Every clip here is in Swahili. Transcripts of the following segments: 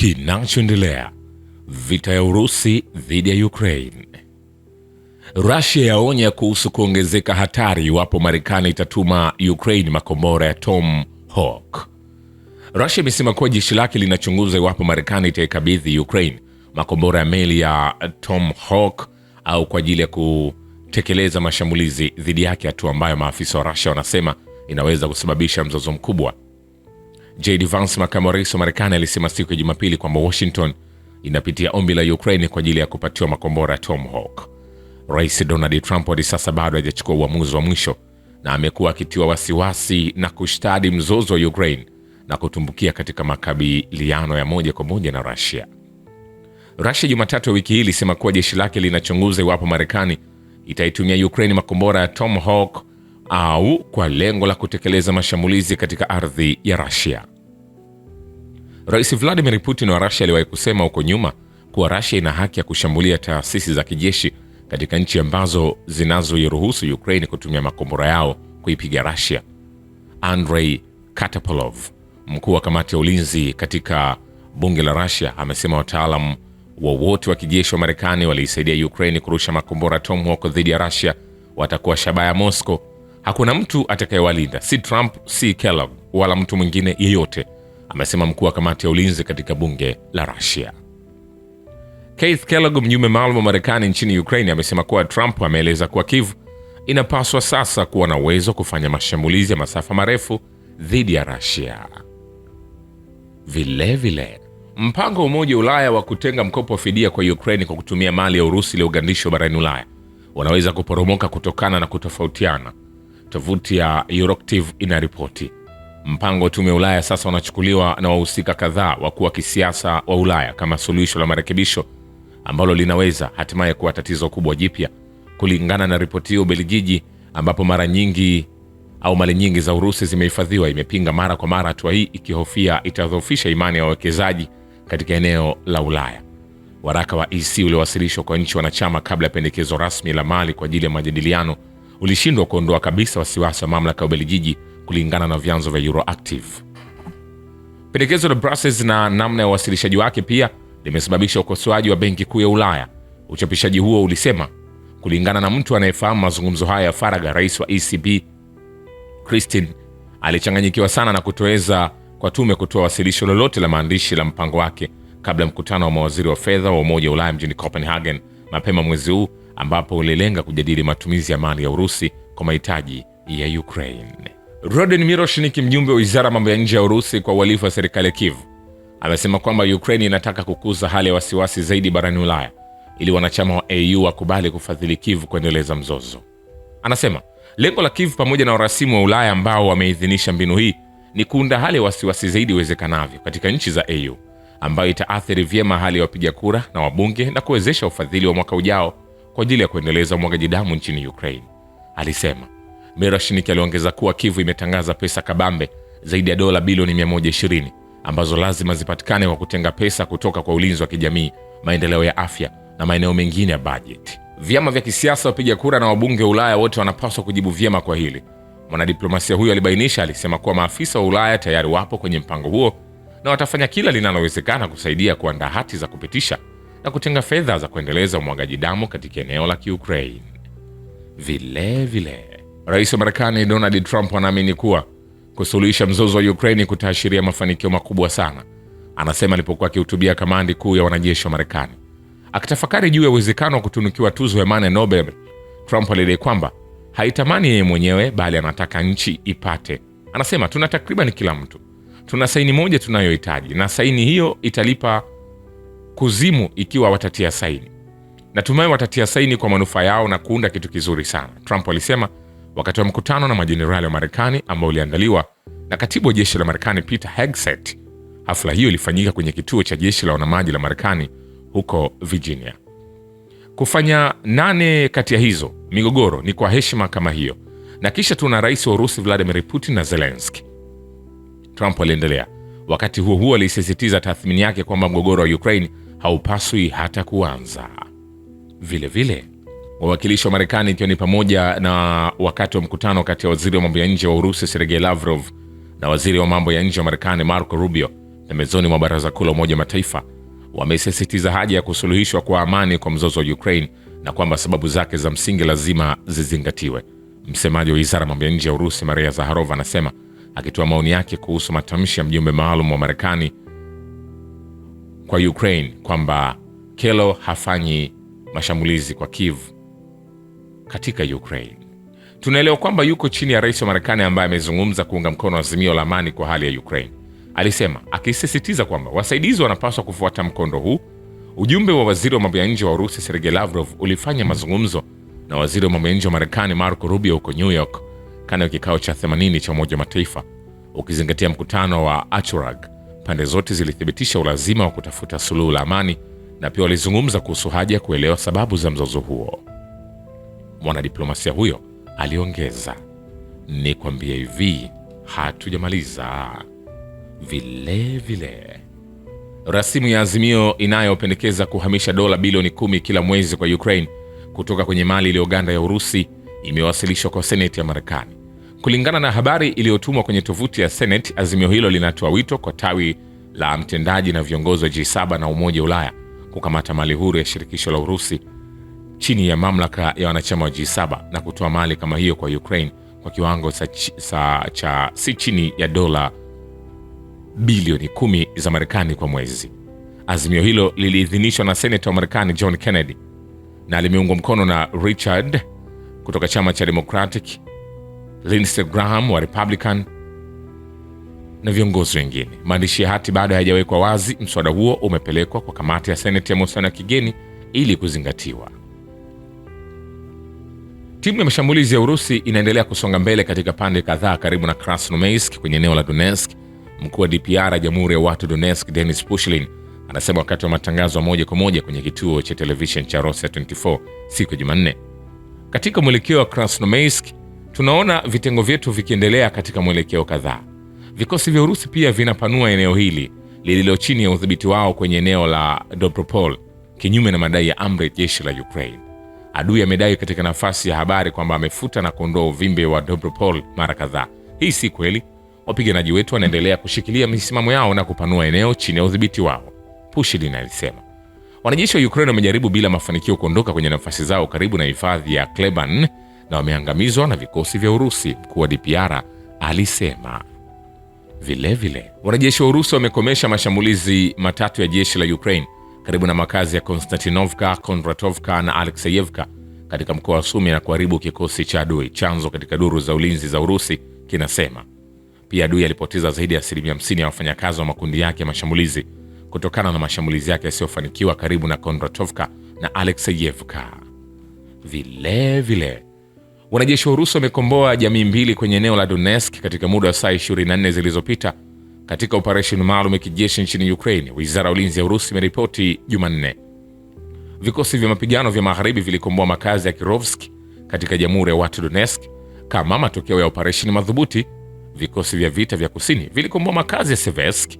Kinachoendelea: vita ya Urusi dhidi ya Ukraine. Russia yaonya kuhusu kuongezeka hatari iwapo Marekani itatuma Ukraine makombora ya Tom Hawk. Russia imesema kuwa jeshi lake linachunguza iwapo Marekani itaikabidhi Ukraine makombora ya meli ya Tom Hawk au kwa ajili ya kutekeleza mashambulizi dhidi yake, hatua ambayo maafisa wa Russia wanasema inaweza kusababisha mzozo mkubwa JD Vance, makamu wa rais wa Marekani, alisema siku ya Jumapili kwamba Washington inapitia ombi la Ukraine kwa ajili ya kupatiwa makombora Tomahawk. Rais Donald Trump hadi sasa bado hajachukua uamuzi wa mwisho na amekuwa akitiwa wasiwasi na kushtadi mzozo wa Ukraine na kutumbukia katika makabiliano ya moja kwa moja na Russia. Russia Jumatatu ya wiki hii ilisema kuwa jeshi lake linachunguza iwapo Marekani itaitumia Ukraine makombora ya Tomahawk au kwa lengo la kutekeleza mashambulizi katika ardhi ya Russia. Rais Vladimir Putin wa Russia aliwahi kusema huko nyuma kuwa Russia ina haki ya kushambulia taasisi za kijeshi katika nchi ambazo zinazoiruhusu Ukraine kutumia makombora yao kuipiga Russia. Andrei Katapolov, mkuu wa kamati ya ulinzi katika bunge la Russia, amesema wataalam wowote wa kijeshi wa Marekani waliisaidia Ukraine kurusha makombora Tomahawk dhidi ya Russia watakuwa shabaha ya Moscow. Hakuna mtu atakayewalinda, si Trump, si Kellogg wala mtu mwingine yeyote amesema mkuu wa kamati ya ulinzi katika bunge la Rusia. Keith Kellogg, mjumbe maalum wa Marekani nchini Ukraine, amesema kuwa Trump ameeleza kuwa Kiev inapaswa sasa kuwa na uwezo wa kufanya mashambulizi ya masafa marefu dhidi ya Rusia. Vilevile, mpango wa Umoja wa Ulaya wa kutenga mkopo wa fidia kwa Ukraine kwa kutumia mali ya Urusi iliyogandishwa barani Ulaya unaweza kuporomoka kutokana na kutofautiana, tovuti ya Euroactiv inaripoti. Mpango wa tume ya Ulaya sasa unachukuliwa na wahusika kadhaa wakuu wa kisiasa wa Ulaya kama suluhisho la marekebisho ambalo linaweza hatimaye kuwa tatizo kubwa jipya, kulingana na ripoti hiyo. Ubelgiji, ambapo mara nyingi au mali nyingi za Urusi zimehifadhiwa, imepinga mara kwa mara hatua hii, ikihofia itadhoofisha imani ya wawekezaji katika eneo la Ulaya. Waraka wa EC uliowasilishwa kwa nchi wanachama kabla ya pendekezo rasmi la mali kwa ajili ya majadiliano ulishindwa kuondoa kabisa wasiwasi wa mamlaka ya Ubelgiji kulingana na vyanzo vya Euroactive. Pendekezo la Brussels na namna ya uwasilishaji wake pia limesababisha ukosoaji wa benki kuu ya Ulaya. Uchapishaji huo ulisema, kulingana na mtu anayefahamu mazungumzo haya ya faraga rais wa ECB Christine alichanganyikiwa sana na kutoweza kwa tume kutoa wasilisho lolote la maandishi la mpango wake kabla ya mkutano wa mawaziri wa fedha wa Umoja wa Ulaya mjini Copenhagen mapema mwezi huu ambapo ulilenga kujadili matumizi ya mali ya Urusi kwa mahitaji ya Ukraine. Rodin Miroshnik, mjumbe wa wizara ya mambo ya nje ya Urusi kwa uhalifu wa serikali ya Kiev, amesema kwamba Ukraine inataka kukuza hali ya wasiwasi zaidi barani Ulaya ili wanachama wa EU wakubali kufadhili Kiev kuendeleza mzozo. Anasema lengo la Kiev pamoja na warasimu wa Ulaya ambao wameidhinisha mbinu hii ni kuunda hali ya wasiwasi zaidi iwezekanavyo katika nchi za EU ambayo itaathiri vyema hali ya wapiga kura na wabunge na kuwezesha ufadhili wa mwaka ujao kwa ajili ya kuendeleza umwagaji damu nchini Ukraine, alisema. Merashnik aliongeza kuwa Kivu imetangaza pesa kabambe zaidi ya dola bilioni 120 ambazo lazima zipatikane kwa kutenga pesa kutoka kwa ulinzi wa kijamii, maendeleo ya afya na maeneo mengine ya bajeti. Vyama vya kisiasa, wapiga kura na wabunge wa Ulaya wote wanapaswa kujibu vyema kwa hili, mwanadiplomasia huyo alibainisha. Alisema kuwa maafisa wa Ulaya tayari wapo kwenye mpango huo na watafanya kila linalowezekana kusaidia kuandaa hati za kupitisha na kutenga fedha za kuendeleza umwagaji damu katika eneo la Kiukraini. Vilevile Rais wa Marekani Donald Trump anaamini kuwa kusuluhisha mzozo wa Ukraini kutaashiria mafanikio makubwa sana, anasema alipokuwa akihutubia kamandi kuu ya wanajeshi wa Marekani. Akitafakari juu ya uwezekano wa kutunukiwa tuzo ya amani ya Nobel, Trump alidai kwamba haitamani yeye mwenyewe, bali anataka nchi ipate. Anasema tuna takriban kila mtu tuna saini moja tunayohitaji, na saini hiyo italipa kuzimu ikiwa watatia saini. Natumai watatia saini kwa manufaa yao na kuunda kitu kizuri sana, Trump alisema wakati wa mkutano na majenerali wa Marekani ambao uliandaliwa na katibu wa jeshi la Marekani Peter Hegseth. Hafla hiyo ilifanyika kwenye kituo cha jeshi la wanamaji la Marekani huko Virginia. Kufanya nane kati ya hizo migogoro ni kwa heshima kama hiyo, na kisha tuna rais wa Urusi Vladimir Putin na Zelensky. Trump aliendelea. Wakati huo huo, alisisitiza tathmini yake kwamba mgogoro wa Ukraine haupaswi hata kuanza. Vilevile Wawakilishi wa Marekani ikiwa ni pamoja na wakati wa mkutano kati ya waziri wa mambo ya nje wa Urusi Sergei Lavrov na waziri wa mambo ya nje wa Marekani Marco Rubio pembezoni mwa baraza kuu la Umoja Mataifa wamesisitiza haja ya kusuluhishwa kwa amani kwa mzozo wa Ukraine na kwamba sababu zake za msingi lazima zizingatiwe. Msemaji wa wizara ya mambo ya nje ya Urusi Maria Zaharova anasema akitoa maoni yake kuhusu matamshi ya mjumbe maalum wa Marekani kwa Ukraine kwamba Kelo hafanyi mashambulizi kwa Kiev katika Ukraine. Tunaelewa kwamba yuko chini ya rais wa Marekani ambaye amezungumza kuunga mkono azimio la amani kwa hali ya Ukraine. Alisema akisisitiza kwamba wasaidizi wanapaswa kufuata mkondo huu. Ujumbe wa waziri wa mambo ya nje wa Urusi Sergei Lavrov ulifanya mazungumzo na waziri wa mambo ya nje wa Marekani Marco Rubio huko New York kana ya kikao cha 80 cha Umoja wa Mataifa, ukizingatia mkutano wa achurag Pande zote zilithibitisha ulazima wa kutafuta suluhu la amani na pia walizungumza kuhusu haja ya kuelewa sababu za mzozo huo mwanadiplomasia huyo aliongeza, ni kwambia hivi hatujamaliza. Vilevile vile. Rasimu ya azimio inayopendekeza kuhamisha dola bilioni kumi kila mwezi kwa Ukraine kutoka kwenye mali iliyoganda ya Urusi imewasilishwa kwa Seneti ya Marekani. Kulingana na habari iliyotumwa kwenye tovuti ya Seneti, azimio hilo linatoa wito kwa tawi la mtendaji na viongozi wa G7 na Umoja wa Ulaya kukamata mali huru ya shirikisho la Urusi chini ya mamlaka ya wanachama wa G7 na kutoa mali kama hiyo kwa Ukraine kwa kiwango sa, sa, cha si chini ya dola bilioni kumi za Marekani kwa mwezi. Azimio hilo liliidhinishwa na seneta wa Marekani John Kennedy na limeungwa mkono na Richard kutoka chama cha Democratic, Lindsey Graham wa Republican na viongozi wengine. Maandishi ya hati bado hayajawekwa wazi. Mswada huo umepelekwa kwa kamati ya seneti ya mahusiano ya kigeni ili kuzingatiwa. Timu ya mashambulizi ya Urusi inaendelea kusonga mbele katika pande kadhaa karibu na Krasnomeisk kwenye eneo la Donetsk. Mkuu wa DPR ya Jamhuri ya Watu Donetsk, Denis Pushlin, anasema wakati wa matangazo ya moja kwa moja kwenye kituo cha televishen cha Rosia 24 siku ya Jumanne. Katika mwelekeo wa Krasnomeisk, tunaona vitengo vyetu vikiendelea katika mwelekeo kadhaa. Vikosi vya Urusi pia vinapanua eneo hili lililo chini ya udhibiti wao kwenye eneo la Dobropol, kinyume na madai ya amri ya jeshi la Ukraine. Adui amedai katika nafasi ya habari kwamba amefuta na kuondoa uvimbe wa Dobropol mara kadhaa. Hii si kweli. Wapiganaji wetu wanaendelea kushikilia misimamo yao na kupanua eneo chini ya udhibiti wao, Pushilin alisema. Wanajeshi wa Ukraine wamejaribu bila mafanikio kuondoka kwenye nafasi zao karibu na hifadhi ya Kleban na wameangamizwa na vikosi vya Urusi, mkuu wa DPR alisema. Vilevile, wanajeshi wa Urusi wamekomesha mashambulizi matatu ya jeshi la Ukraine karibu na makazi ya Konstantinovka, Kondratovka na Alekseyevka katika mkoa wa Sumi na kuharibu kikosi cha adui. Chanzo katika duru za ulinzi za Urusi kinasema pia adui alipoteza zaidi ya asilimia 50 ya wafanyakazi wa makundi yake ya mashambulizi kutokana na mashambulizi yake yasiyofanikiwa karibu na Kondratovka na Alekseyevka. Vilevile, wanajeshi wa Urusi wamekomboa jamii mbili kwenye eneo la Donetsk katika muda wa saa 24 zilizopita katika operesheni maalum ya kijeshi nchini Ukraine, wizara ya ulinzi ya Urusi imeripoti Jumanne. Vikosi vya mapigano vya magharibi vilikomboa makazi ya Kirovsk katika jamhuri ya watu Donetsk kama matokeo ya operesheni madhubuti. Vikosi vya vita vya kusini vilikomboa makazi ya Seversk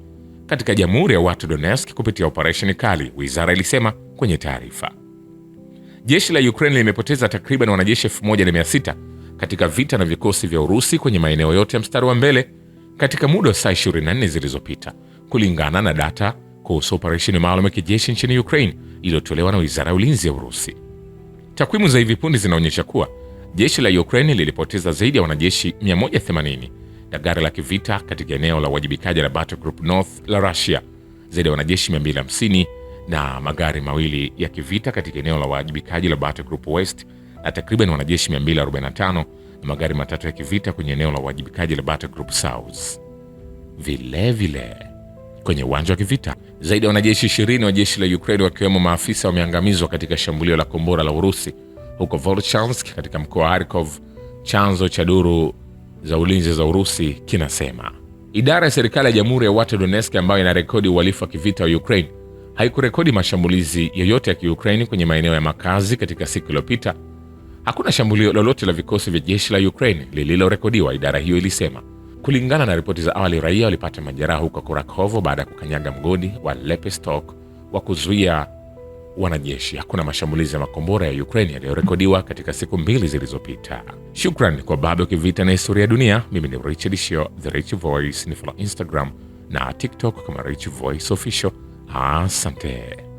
katika jamhuri ya watu Donetsk kupitia operesheni kali, wizara ilisema kwenye taarifa. Jeshi la Ukraine limepoteza takriban wanajeshi 1600 katika vita na vikosi vya Urusi kwenye maeneo yote ya mstari wa mbele katika muda wa saa 24 zilizopita, kulingana na data kuhusu operesheni maalum ya kijeshi nchini Ukraine iliyotolewa na wizara ya ulinzi ya Urusi. Takwimu za hivi punde zinaonyesha kuwa jeshi la Ukraine lilipoteza zaidi ya wanajeshi 180 na gari la kivita katika eneo la uwajibikaji la Battle Group North la Russia, zaidi ya wanajeshi 250 na magari mawili ya kivita katika eneo la uwajibikaji la Battle Group West na takriban wanajeshi 245 na magari matatu ya kivita kwenye eneo la uwajibikaji la Battle Group South. Vilevile vile, kwenye uwanja wa kivita zaidi ya wanajeshi ishirini wa jeshi la Ukraine wakiwemo maafisa wameangamizwa katika shambulio la kombora la Urusi huko Volchansk katika mkoa wa Kharkov. Chanzo cha duru za ulinzi za Urusi kinasema idara ya serikali ya jamhuri ya watu Donetsk ambayo inarekodi uhalifu wa kivita wa Ukraine haikurekodi mashambulizi yoyote ya kiukraini kwenye maeneo ya makazi katika siku iliyopita, Hakuna shambulio lolote la vikosi vya jeshi la Ukraine lililorekodiwa, idara hiyo ilisema. Kulingana na ripoti za awali, raia walipata majeraha huko Kurakovo baada ya kukanyaga mgodi wa Lepestok wa kuzuia wanajeshi. Hakuna mashambulizi ya makombora ya Ukraine yaliyorekodiwa katika siku mbili zilizopita. Shukran kwa baba kivita na historia ya dunia. Mimi ni Richard Shio, The Rich Voice. Ni follow Instagram na TikTok kama Rich Voice Official. Asante.